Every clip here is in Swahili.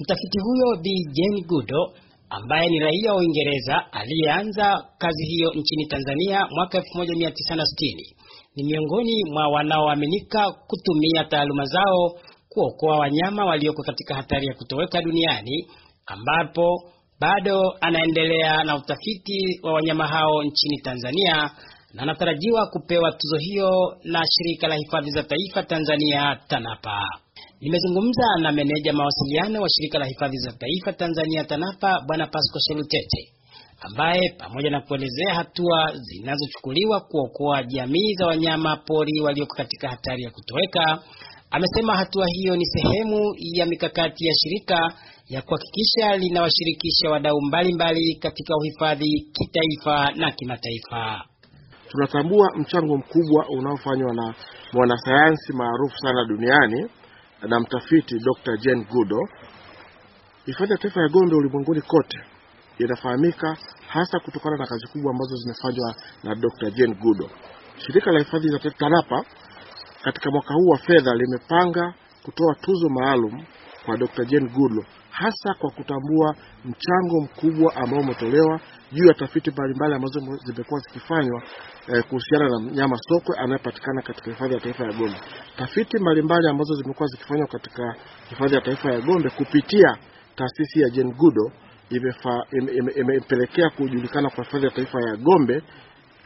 Mtafiti huyo Bi Jane gudo ambaye ni raia wa Uingereza aliyeanza kazi hiyo nchini Tanzania mwaka 1960 ni miongoni mwa wanaoaminika kutumia taaluma zao kuokoa wanyama walioko katika hatari ya kutoweka duniani, ambapo bado anaendelea na utafiti wa wanyama hao nchini Tanzania na anatarajiwa kupewa tuzo hiyo na shirika la hifadhi za taifa Tanzania TANAPA. Nimezungumza na meneja mawasiliano wa shirika la hifadhi za taifa Tanzania TANAPA Bwana Pasco Shelutete ambaye pamoja na kuelezea hatua zinazochukuliwa kuokoa jamii za wanyama pori walioko katika hatari ya kutoweka, amesema hatua hiyo ni sehemu ya mikakati ya shirika ya kuhakikisha linawashirikisha wadau mbalimbali katika uhifadhi kitaifa na kimataifa tunatambua mchango mkubwa unaofanywa na mwanasayansi maarufu sana duniani na mtafiti Dr. Jane Goodall. Hifadhi ya Taifa ya Gombe ulimwenguni kote inafahamika hasa kutokana na kazi kubwa ambazo zimefanywa na Dr. Jane Goodall. Shirika la Hifadhi za Taifa TANAPA katika mwaka huu wa fedha limepanga kutoa tuzo maalum kwa Dr. Jane Goodall hasa kwa kutambua mchango mkubwa ambao umetolewa juu ya tafiti mbalimbali ambazo zimekuwa zikifanywa eh, kuhusiana na mnyama sokwe anayepatikana katika hifadhi ya taifa ya Gombe. Tafiti mbalimbali ambazo zimekuwa zikifanywa katika hifadhi ya taifa ya Gombe kupitia taasisi ya Jane Goodall imepelekea kujulikana kwa hifadhi ya taifa ya Gombe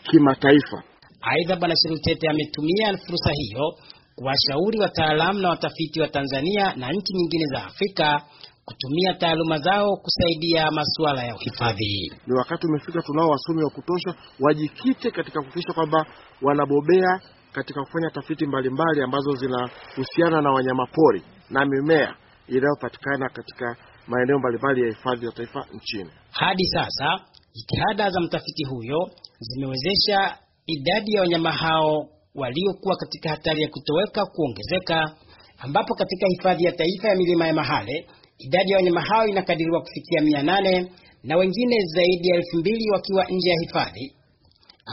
kimataifa. Aidha, Bwana Sheru ametumia fursa hiyo kuwashauri wataalamu na watafiti wa Tanzania na nchi nyingine za Afrika kutumia taaluma zao kusaidia masuala ya uhifadhi. Ni wakati umefika, tunao wasomi wa kutosha, wajikite katika kuhakikisha kwamba wanabobea katika kufanya tafiti mbalimbali mbali ambazo zinahusiana na wanyamapori na mimea inayopatikana katika maeneo mbalimbali ya hifadhi ya taifa nchini. Hadi sasa jitihada za mtafiti huyo zimewezesha idadi ya wanyama hao waliokuwa katika hatari ya kutoweka kuongezeka, ambapo katika hifadhi ya taifa ya milima ya Mahale idadi ya wanyama hao inakadiriwa kufikia mia nane na wengine zaidi ya elfu mbili wakiwa nje ya hifadhi,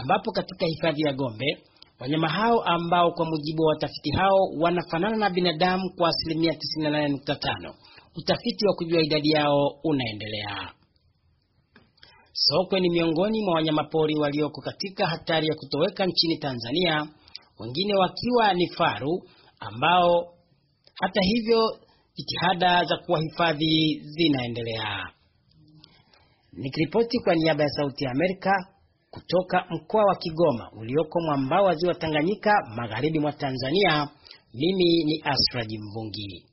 ambapo katika hifadhi ya Gombe wanyama hao ambao kwa mujibu wa watafiti hao wanafanana na binadamu kwa asilimia 98.5, utafiti wa kujua idadi yao unaendelea. Sokwe ni miongoni mwa wanyamapori walioko katika hatari ya kutoweka nchini Tanzania wengine wakiwa ni faru ambao hata hivyo jitihada za kuwahifadhi zinaendelea. Nikiripoti kwa niaba ya Sauti ya Amerika kutoka mkoa wa Kigoma ulioko mwambao wa Ziwa Tanganyika, magharibi mwa Tanzania, mimi ni Asraji Mvungi.